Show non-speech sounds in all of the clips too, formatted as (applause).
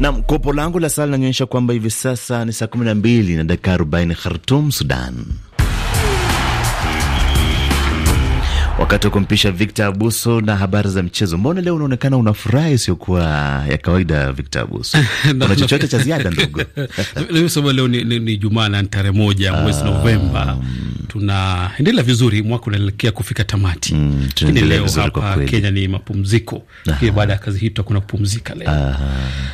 Nam, kopo langu la sala linanyonyesha kwamba hivi sasa ni saa 12 na dakika 40 Khartum, Sudan. Wakati wa kumpisha Victor Abuso na habari za mchezo. Mbona leo unaonekana una furaha isiyokuwa ya kawaida, Victor Abuso? (laughs) Kuna chochote cha ziada ndogo? (laughs) Nimesema leo ni, ni, ni Jumaa na tarehe moja ah, mwezi Novemba. Mm. Tunaendelea vizuri, mwaka unaelekea kufika tamati. Mm, leo hapa Kenya ni mapumziko, baada ya kazi hii tutakuna kupumzika leo.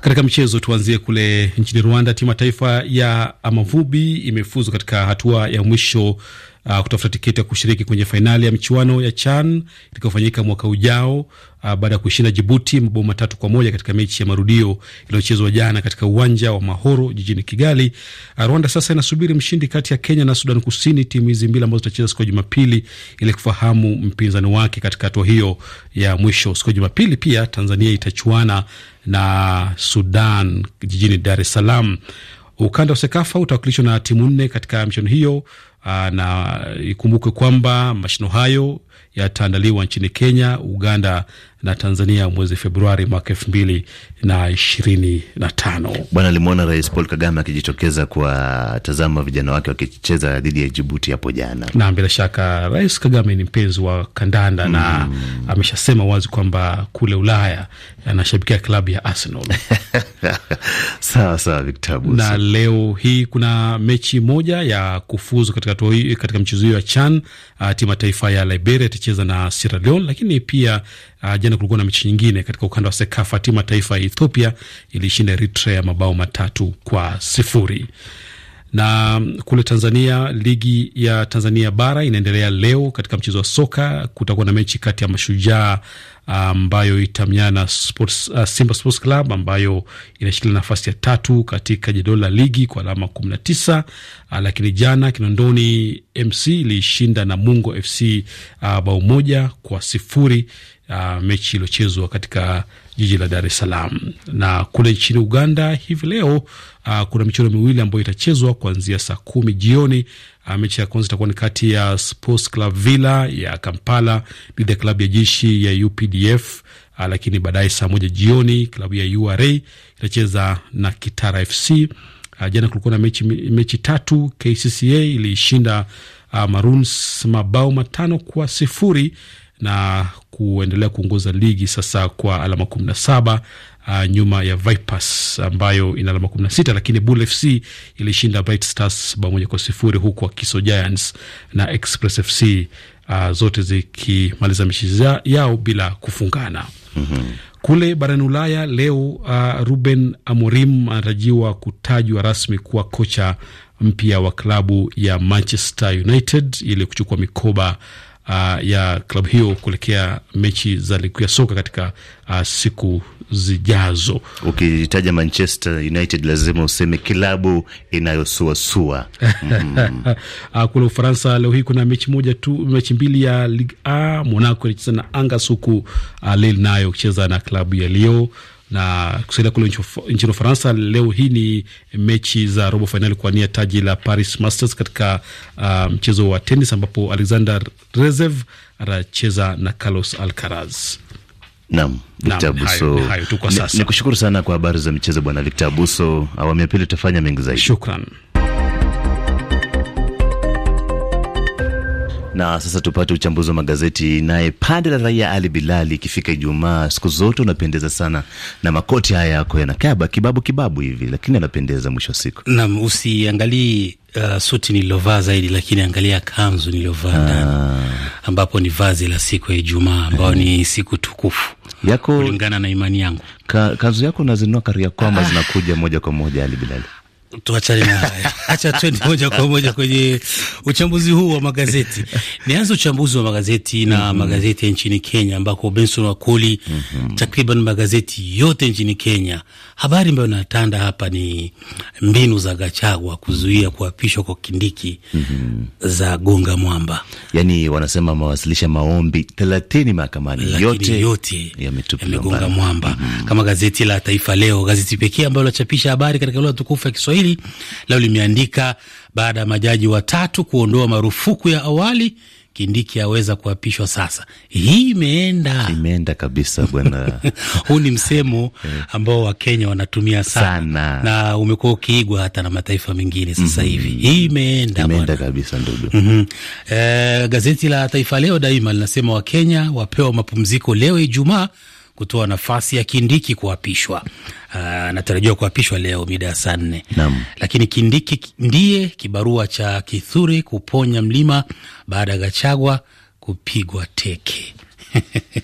Katika mchezo tuanzie kule nchini Rwanda. Timu ya taifa ya Amavubi imefuzu katika hatua ya mwisho uh, kutafuta tiketi ya kushiriki kwenye fainali ya michuano ya CHAN itakayofanyika mwaka ujao uh, baada ya kuishinda Jibuti mabao matatu kwa moja katika mechi ya marudio iliyochezwa jana katika uwanja wa Mahoro jijini Kigali. Uh, Rwanda sasa inasubiri mshindi kati ya Kenya na Sudan Kusini, timu hizi mbili ambazo zitacheza siku ya Jumapili ili kufahamu mpinzani wake katika hatua hiyo ya mwisho. Siku ya Jumapili pia Tanzania itachuana na Sudan jijini Dar es Salaam. Ukanda wa SEKAFA utawakilishwa na timu nne katika michuano hiyo. Ah, na ikumbuke kwamba mashindano hayo yataandaliwa nchini Kenya, Uganda na Tanzania mwezi Februari mwaka elfu mbili na ishirini na tano. Bwana alimwona Rais Paul Kagame akijitokeza kuwatazama vijana wake wakicheza dhidi ya Jibuti hapo jana, na bila shaka Rais Kagame ni mpenzi wa kandanda mm, na ameshasema wazi kwamba kule Ulaya anashabikia klabu ya Arsenal. (laughs) Sawa sawa, Victor Abuso. Na leo hii kuna mechi moja ya kufuzu katika, katika mchezo hiyo ya CHAN. Ah, timu ya taifa ya Liberia itacheza na Sierra Leone, lakini pia Uh, jana kulikuwa na mechi nyingine katika ukanda wa SEKAFA. Timu ya taifa ya Ethiopia ilishinda Eritrea mabao matatu kwa sifuri. Na mm, kule Tanzania, ligi ya Tanzania bara inaendelea leo. Katika mchezo wa soka kutakuwa na mechi kati ya Mashujaa ah, ambayo itamenyana sports, uh, Simba Sports Club ambayo inashikilia nafasi ya tatu katika jedwali la ligi kwa alama 19. Uh, lakini jana Kinondoni MC ilishinda Namungo FC uh, bao moja kwa sifuri uh, mechi iliyochezwa katika jiji la Dar es Salaam. Na kule nchini Uganda hivi leo uh, kuna michezo miwili ambayo itachezwa kuanzia saa kumi jioni. Uh, mechi ya kwanza itakuwa ni kati ya Sports Club Villa ya Kampala dhidi ya klabu ya jeshi ya UPDF. Uh, ah, lakini baadaye saa moja jioni klabu ya URA itacheza na Kitara FC. Uh, jana kulikuwa na mechi, mechi tatu. KCCA ilishinda uh, Maroons mabao matano kwa sifuri na kuendelea kuongoza ligi sasa kwa alama kumi na saba uh, nyuma ya Vipers ambayo ina alama kumi na sita lakini Bull FC ilishinda Bright Stars bao moja kwa sifuri huku Wakiso Giants na Express FC uh, zote zikimaliza michezo yao bila kufungana. mm -hmm. Kule barani Ulaya leo uh, Ruben Amorim anatarajiwa kutajwa rasmi kuwa kocha mpya wa klabu ya Manchester United ili kuchukua mikoba uh, ya klabu hiyo kuelekea mechi za ligi ya soka katika uh, siku zijazo. Ukitaja okay, Manchester United lazima useme kilabu inayosuasua mm. (laughs) kule Ufaransa leo hii kuna mechi moja tu, mechi mbili ya Ligue 1 Monaco inacheza na Angers huku uh, Lille nayo kucheza na klabu ya Lyon na kusalia kule nchini Ufaransa. Leo hii ni mechi za robo fainali kuwania taji la Paris Masters katika uh, mchezo wa tenis ambapo Alexander Rezev atacheza na Carlos Alcaraz. Nam Victor Abuso, ni kushukuru sana kwa habari za michezo Bwana Victor Abuso. Awamu ya pili tutafanya mengi zaidi. Shukran. Na sasa tupate uchambuzi wa magazeti naye pande la raia Ali Bilali. Ikifika Ijumaa siku zote unapendeza sana na makoti haya yako yanakaba kibabu kibabu hivi, lakini anapendeza mwisho wa siku. Naam, usiangalii uh, suti nililovaa zaidi, lakini angalia kanzu nililovaa ah. ndani, ambapo ni vazi la siku ya Ijumaa ambayo ni eh. siku tukufu yako kulingana na imani yangu. Ka, kanzu yako unazinua kari ya ah. zinakuja moja kwa moja Ali Bilali. Tuachane na haya, (laughs) acha twende moja kwa moja kwenye uchambuzi huu wa magazeti. (laughs) Nianze uchambuzi wa magazeti na mm -hmm. magazeti ya nchini Kenya, ambako Benson Wakoli mm -hmm. takriban magazeti yote nchini Kenya, habari ambayo natanda hapa ni mbinu za Gachagua kuzuia kuapishwa kwa Kindiki mm -hmm. za gonga mwamba. Yani wanasema mawasilisha maombi thelathini mahakamani, yote yote yamegonga mwamba mm -hmm. kama gazeti la Taifa Leo, gazeti pekee ambayo lachapisha habari katika lugha tukufu ya Kiswahili hili lao limeandika baada ya majaji watatu kuondoa marufuku ya awali, Kindiki aweza kuapishwa sasa. Hii imeenda imeenda kabisa bwana. (laughs) Huu ni msemo eh. ambao Wakenya wanatumia sana, sana, na umekuwa ukiigwa hata na mataifa mengine sasa mhm. hivi. mm -hmm. Hii imeenda imeenda kabisa ndugu. mm -hmm. E, gazeti la Taifa Leo daima linasema Wakenya wapewa mapumziko leo Ijumaa kutoa nafasi ya Kindiki kuapishwa. Ah, anatarajiwa kuapishwa leo mida ya saa nne, lakini Kindiki ndiye kibarua cha kithuri kuponya mlima baada ya Gachagwa kupigwa teke.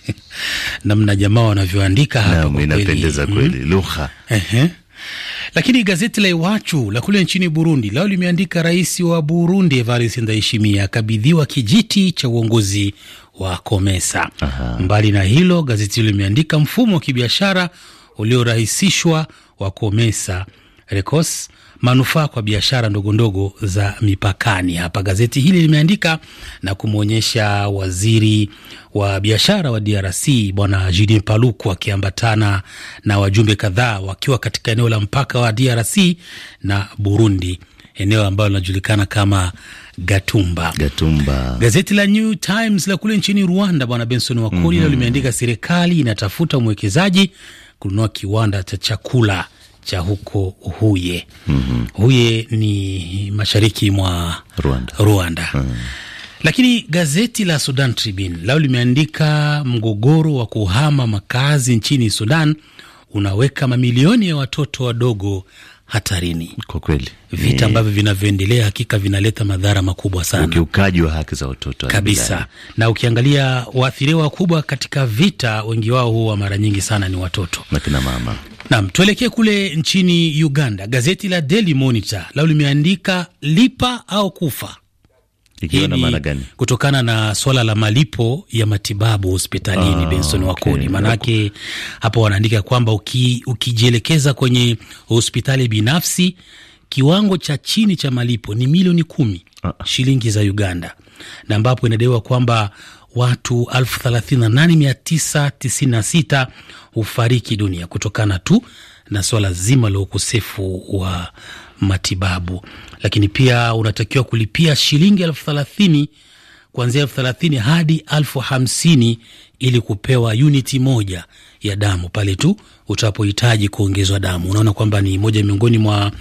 (laughs) namna jamaa wanavyoandika hapa inapendeza kweli mhm. lugha lakini gazeti la Iwachu la kule nchini Burundi lao limeandika rais wa Burundi Evariste Ndayishimiye akabidhiwa kijiti cha uongozi wa Komesa. Aha. Mbali na hilo, gazeti hilo limeandika mfumo wa kibiashara uliorahisishwa wa Komesa Rekos manufaa kwa biashara ndogondogo za mipakani. Hapa gazeti hili limeandika na kumwonyesha waziri wa biashara wa DRC Bwana Julien Paluku akiambatana na wajumbe kadhaa wakiwa katika eneo la mpaka wa DRC na Burundi, eneo ambalo linajulikana kama Gatumba. Gatumba. Gazeti la New Times la kule nchini Rwanda, Bwana Benson Wakoli, mm -hmm. limeandika serikali inatafuta mwekezaji kununua kiwanda cha chakula cha huko Huye. mm -hmm. Huye ni mashariki mwa Rwanda, Rwanda. Mm -hmm. Lakini gazeti la Sudan Tribune lao limeandika mgogoro wa kuhama makazi nchini Sudan unaweka mamilioni ya watoto wadogo hatarini. Kwa kweli vita eh. ambavyo vinavyoendelea hakika vinaleta madhara makubwa sana, ukiukaji wa haki za watoto kabisa. Na ukiangalia waathiriwa wakubwa katika vita, wengi wao huwa mara nyingi sana ni watoto na kina mama. Nam, tuelekee kule nchini Uganda. Gazeti la Daily Monitor lao limeandika lipa au kufa, ikiwa na maana gani? Kutokana na swala la malipo ya matibabu hospitalini. Ah, Benson Wakoli, okay. Maanake hapo wanaandika kwamba uki, ukijielekeza kwenye hospitali binafsi kiwango cha chini cha malipo ni milioni kumi ah, shilingi za Uganda na ambapo inadaiwa kwamba watu 38996 hufariki dunia kutokana tu na swala zima la ukosefu wa matibabu, lakini pia unatakiwa kulipia shilingi elfu thelathini kuanzia elfu thelathini hadi elfu hamsini ili kupewa uniti moja ya damu pale tu utapohitaji kuongezwa damu. Unaona kwamba ni moja miongoni mwa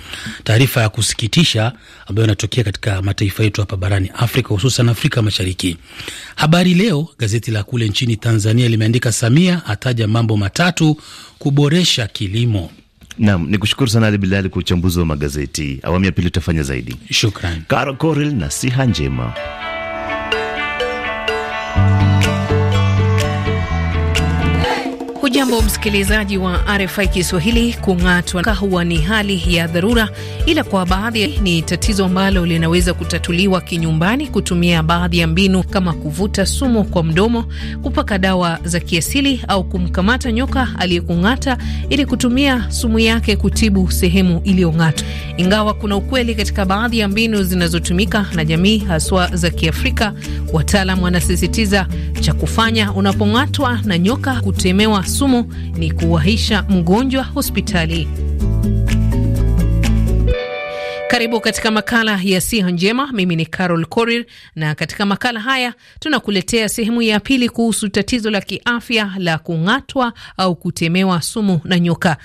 taarifa ya kusikitisha ambayo inatokea katika mataifa yetu hapa barani Afrika, hususan Afrika Mashariki. Habari Leo, gazeti la kule nchini Tanzania, limeandika Samia ataja mambo matatu kuboresha kilimo. Nam ni kushukuru sana Ali Bilali kwa uchambuzi wa magazeti. Awamu ya pili utafanya zaidi. Shukran Karo Koril na siha njema Karibu msikilizaji wa RFI Kiswahili. Kung'atwa huwa ni hali ya dharura, ila kwa baadhi ni tatizo ambalo linaweza kutatuliwa kinyumbani kutumia baadhi ya mbinu kama kuvuta sumu kwa mdomo, kupaka dawa za kiasili au kumkamata nyoka aliyekung'ata ili kutumia sumu yake kutibu sehemu iliyong'atwa. Ingawa kuna ukweli katika baadhi ya mbinu zinazotumika na jamii haswa za Kiafrika, wataalam wanasisitiza cha kufanya unapong'atwa na nyoka kutemewa sumu ni kuwahisha mgonjwa hospitali. Karibu katika makala ya siha njema. Mimi ni Carol Korir, na katika makala haya tunakuletea sehemu ya pili kuhusu tatizo la kiafya la kung'atwa au kutemewa sumu na nyoka.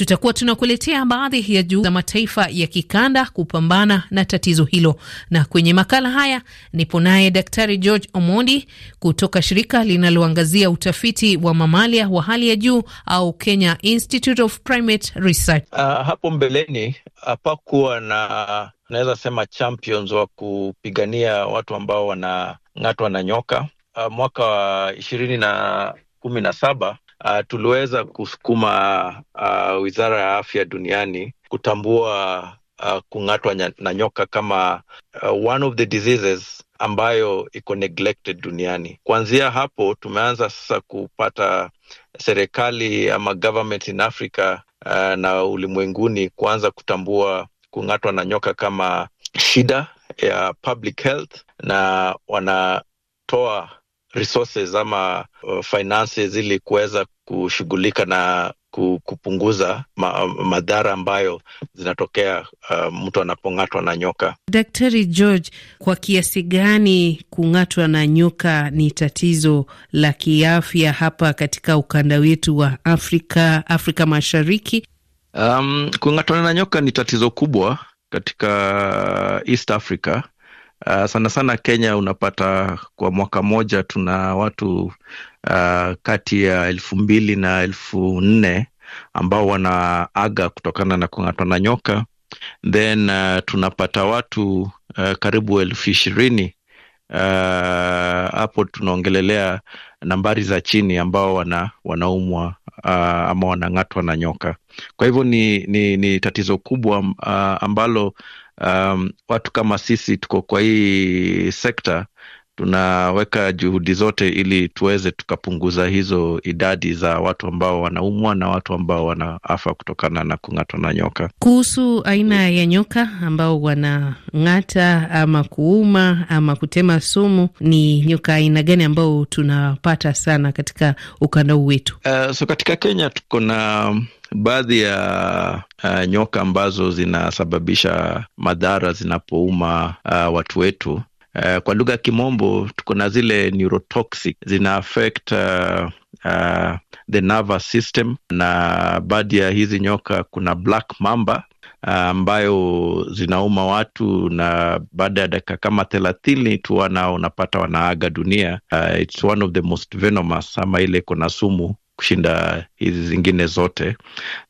Tutakuwa tunakuletea baadhi ya juu za mataifa ya kikanda kupambana na tatizo hilo, na kwenye makala haya nipo naye Daktari George Omondi kutoka shirika linaloangazia utafiti wa mamalia wa hali ya juu au Kenya Institute of Primate Research. Uh, hapo mbeleni hapakuwa na naweza sema champions wa kupigania watu ambao wanang'atwa na nyoka. Uh, mwaka wa ishirini na kumi na saba uh, tuliweza kusukuma uh, wizara ya afya duniani kutambua uh, kung'atwa na nyoka kama uh, one of the diseases ambayo iko neglected duniani. Kuanzia hapo tumeanza sasa kupata serikali ama government in Africa uh, na ulimwenguni kuanza kutambua kung'atwa na nyoka kama shida ya public health na wanatoa resources ama uh, finances ili kuweza kushughulika na kupunguza ma, madhara ambayo zinatokea uh, mtu anapong'atwa na nyoka. Daktari George, kwa kiasi gani kung'atwa na nyoka ni tatizo la kiafya hapa katika ukanda wetu wa Afrika, Afrika Mashariki? Um, kung'atwa na nyoka ni tatizo kubwa katika East Africa Uh, sana sana Kenya unapata kwa mwaka moja tuna watu uh, kati ya elfu mbili na elfu nne ambao wanaaga kutokana na kung'atwa na nyoka then uh, tunapata watu uh, karibu elfu ishirini hapo uh, tunaongelelea nambari za chini ambao wana, wanaumwa uh, ama wanang'atwa na nyoka. Kwa hivyo ni, ni, ni tatizo kubwa uh, ambalo um, watu kama sisi tuko kwa hii sekta tunaweka juhudi zote ili tuweze tukapunguza hizo idadi za watu ambao wanaumwa na watu ambao wanaafa kutokana na kung'atwa na nyoka. Kuhusu aina ya nyoka ambao wanang'ata ama kuuma ama kutema sumu, ni nyoka aina gani ambao tunapata sana katika ukanda huu wetu? Uh, so katika Kenya tuko na baadhi ya uh, nyoka ambazo zinasababisha madhara zinapouma uh, watu wetu. Uh, kwa lugha ya kimombo tuko na zile neurotoxic zina affect uh, uh, the nervous system, na baadhi ya hizi nyoka kuna black mamba ambayo zinauma watu na baada ya dakika kama thelathini tu wanao unapata wanaaga dunia. Uh, it's one of the most venomous, ama ile iko na sumu kushinda hizi zingine zote,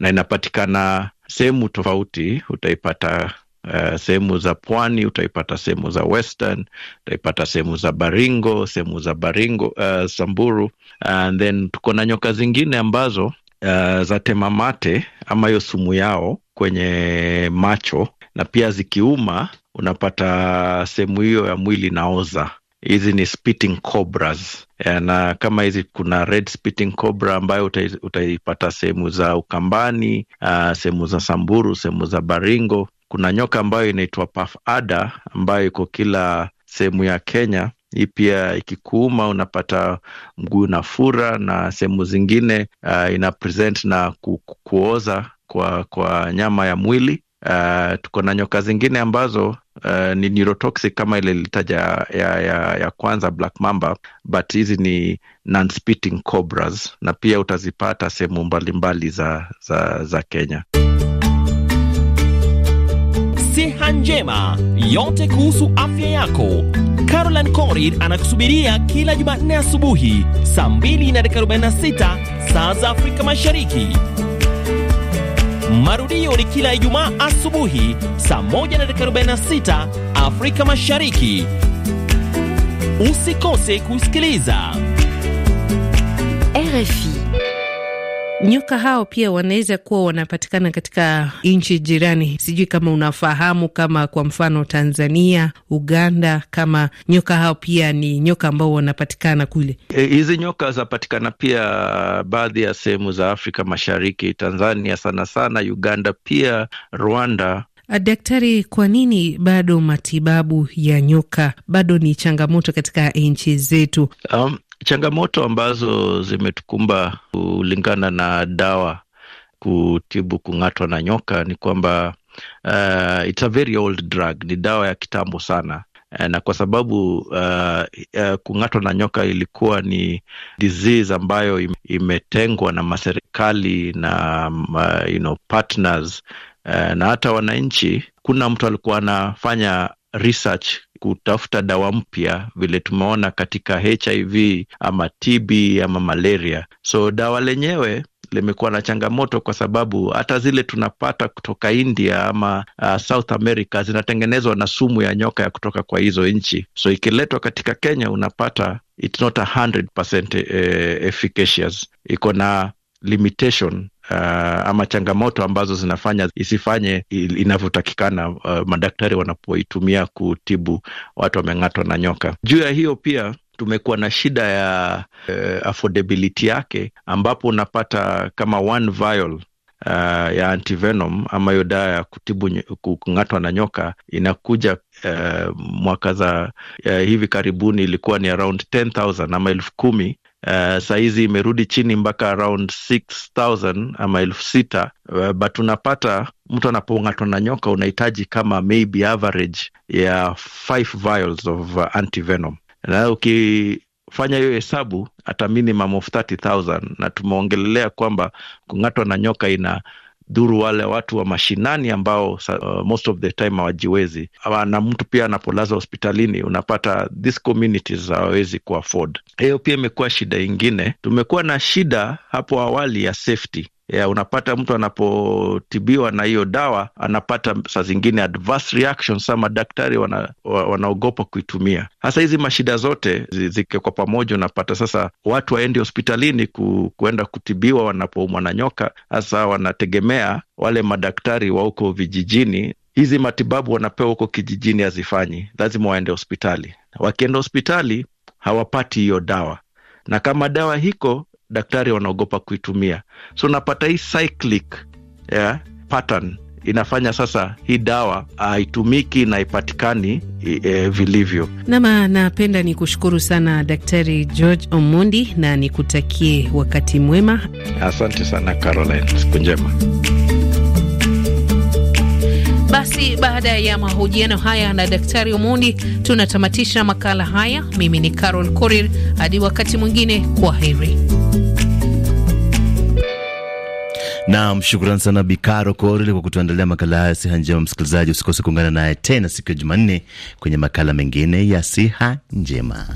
na inapatikana sehemu tofauti. Utaipata uh, sehemu za pwani, utaipata sehemu za western, utaipata sehemu za Baringo, sehemu za Baringo uh, Samburu, and then tuko na nyoka zingine ambazo uh, za temamate ama hiyo sumu yao kwenye macho, na pia zikiuma unapata sehemu hiyo ya mwili naoza hizi ni spitting cobras eh, na kama hizi kuna red spitting cobra ambayo utaipata sehemu za Ukambani, uh, sehemu za Samburu, sehemu za Baringo. Kuna nyoka ambayo inaitwa puff adder ambayo iko kila sehemu ya Kenya. Hii pia ikikuuma unapata mguu na fura na sehemu zingine uh, ina present na ku, kuoza kwa, kwa nyama ya mwili. Uh, tuko na nyoka zingine ambazo uh, ni neurotoxic kama ile ilitaja ya, ya, ya kwanza black mamba, but hizi ni non-spitting cobras na pia utazipata sehemu mbalimbali za, za, za Kenya. Siha Njema, yote kuhusu afya yako. carolin Corid anakusubiria kila Jumanne asubuhi saa 2 na dakika 46 saa za Afrika Mashariki. Marudio ni kila Ijumaa asubuhi saa 1 na dakika 46 Afrika Mashariki. Usikose kusikiliza RFI. Nyoka hao pia wanaweza kuwa wanapatikana katika nchi jirani. Sijui kama unafahamu, kama kwa mfano Tanzania, Uganda, kama nyoka hao pia ni nyoka ambao wanapatikana kule. Eh, hizi e, nyoka zinapatikana pia uh, baadhi ya sehemu za Afrika Mashariki, Tanzania sana sana, Uganda pia, Rwanda. Ah, daktari, kwa nini bado matibabu ya nyoka bado ni changamoto katika nchi zetu? Um, Changamoto ambazo zimetukumba kulingana na dawa kutibu kung'atwa na nyoka ni kwamba uh, it's a very old drug, ni dawa ya kitambo sana eh, na kwa sababu uh, uh, kung'atwa na nyoka ilikuwa ni disease ambayo imetengwa na maserikali na uh, you know, partners uh, na hata wananchi. Kuna mtu alikuwa anafanya research kutafuta dawa mpya, vile tumeona katika HIV ama TB ama malaria. So dawa lenyewe limekuwa na changamoto kwa sababu hata zile tunapata kutoka India ama uh, South America zinatengenezwa na sumu ya nyoka ya kutoka kwa hizo nchi, so ikiletwa katika Kenya unapata it's not eh, efficacious, iko na limitation uh, ama changamoto ambazo zinafanya isifanye inavyotakikana uh, madaktari wanapoitumia kutibu watu wameng'atwa na nyoka. Juu ya hiyo pia tumekuwa na shida ya uh, affordability yake, ambapo unapata kama one vial Uh, ya antivenom ama hiyo dawa ya kutibu kung'atwa na nyoka inakuja uh, mwaka za uh, hivi karibuni ilikuwa ni around 10,000 ama elfu kumi Eh, sahizi imerudi chini mpaka around 6000 ama elfu sita. Uh, but unapata mtu anapong'atwa na nyoka unahitaji kama maybe average ya 5 vials of uh, antivenom na ukifanya hiyo hesabu hata minimum of 30000 na tumeongelelea kwamba kung'atwa na nyoka ina dhuru wale watu wa mashinani ambao uh, most of the time hawajiwezi, na mtu pia anapolaza hospitalini unapata these communities hawawezi ku afford. Hiyo pia imekuwa shida ingine. Tumekuwa na shida hapo awali ya safety ya, unapata mtu anapotibiwa na hiyo dawa anapata saa zingine adverse reactions, madaktari wana, wanaogopa kuitumia. Hasa hizi mashida zote zike kwa pamoja, unapata sasa watu waendi hospitalini ku, kuenda kutibiwa wanapoumwa na nyoka, hasa wanategemea wale madaktari wa huko vijijini hizi matibabu wanapewa huko kijijini hazifanyi, lazima waende hospitali. Wakienda hospitali hawapati hiyo dawa, na kama dawa hiko daktari wanaogopa kuitumia. So unapata hii cyclic yeah, pattern inafanya sasa hii dawa haitumiki na haipatikani e, vilivyo. Nama napenda ni kushukuru sana Daktari George Omondi na nikutakie wakati mwema. Asante sana Caroline, siku njema. Basi baada ya mahojiano haya na Daktari Omondi, tunatamatisha makala haya. Mimi ni Carol Korir, hadi wakati mwingine, kwa heri. Naam, shukrani sana Bikaro Korle kwa kutuandalia makala haya. Siha njema, msikilizaji, usikose kuungana naye tena siku ya Jumanne kwenye makala mengine ya siha njema.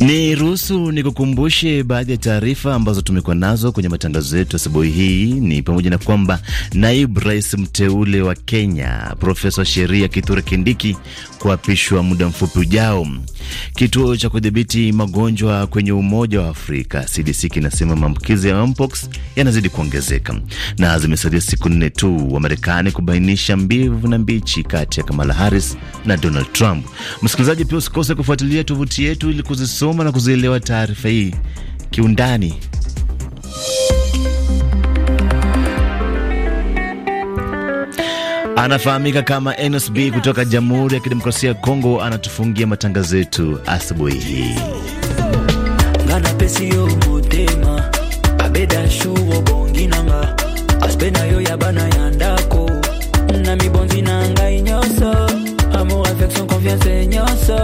Ni ruhusu ni kukumbushe baadhi ya taarifa ambazo tumekuwa nazo kwenye matangazo yetu asubuhi hii, ni pamoja na kwamba naibu rais mteule wa Kenya profesa sheria Kithure Kindiki kuapishwa muda mfupi ujao. Kituo cha kudhibiti magonjwa kwenye Umoja wa Afrika CDC kinasema maambukizi ya mpox yanazidi kuongezeka, na zimesalia siku nne tu wa Marekani kubainisha mbivu na mbichi kati ya Kamala Harris na Donald Trump. Msikilizaji, pia usikose kufuatilia tovuti yetu ili kuzisoma kusoma na kuzielewa taarifa hii kiundani. Anafahamika kama NSB kutoka Jamhuri ya Kidemokrasia ya Kongo, anatufungia matangazo yetu asubuhi hii amour, affection, confiance et nyonso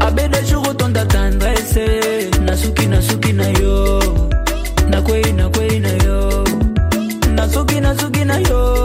abeda jour tonda tendresse nasuki nasuki na yo na kwei na kwei na yo nasuki nasuki na yo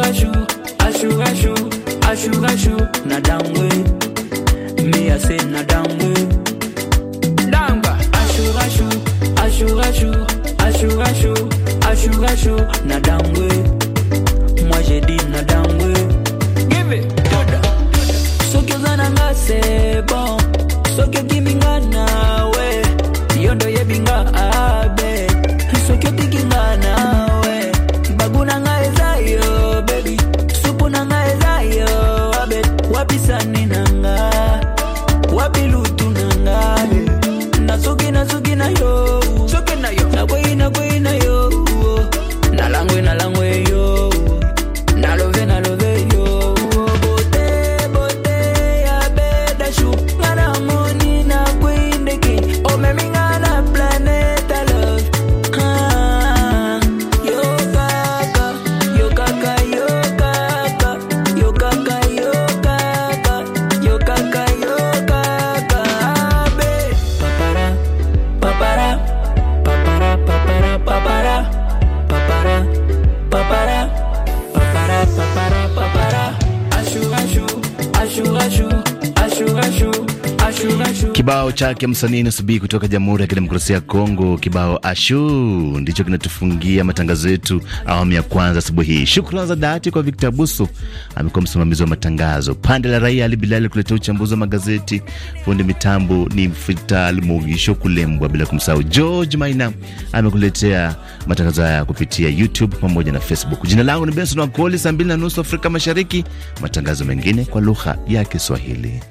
ashurashu, ashurashu, ashurashu, na down Me I say na down. Kibao chake msanii Nasubii kutoka Jamhuri ya Kidemokrasia ya Kongo, kibao ashu ndicho kinatufungia matangazo yetu awamu ya kwanza asubuhi hii. Shukrani za dhati kwa Victor Busu, amekuwa msimamizi wa matangazo. Pande la raia Ali Bilali kuletea uchambuzi wa magazeti. Fundi mitambo ni Mfital Mugisho Kulembwa, bila kumsahau George Maina amekuletea matangazo haya kupitia YouTube pamoja na Facebook. Jina langu ni Benson Wakoli, saa mbili na nusu Afrika Mashariki. Matangazo mengine kwa lugha ya Kiswahili.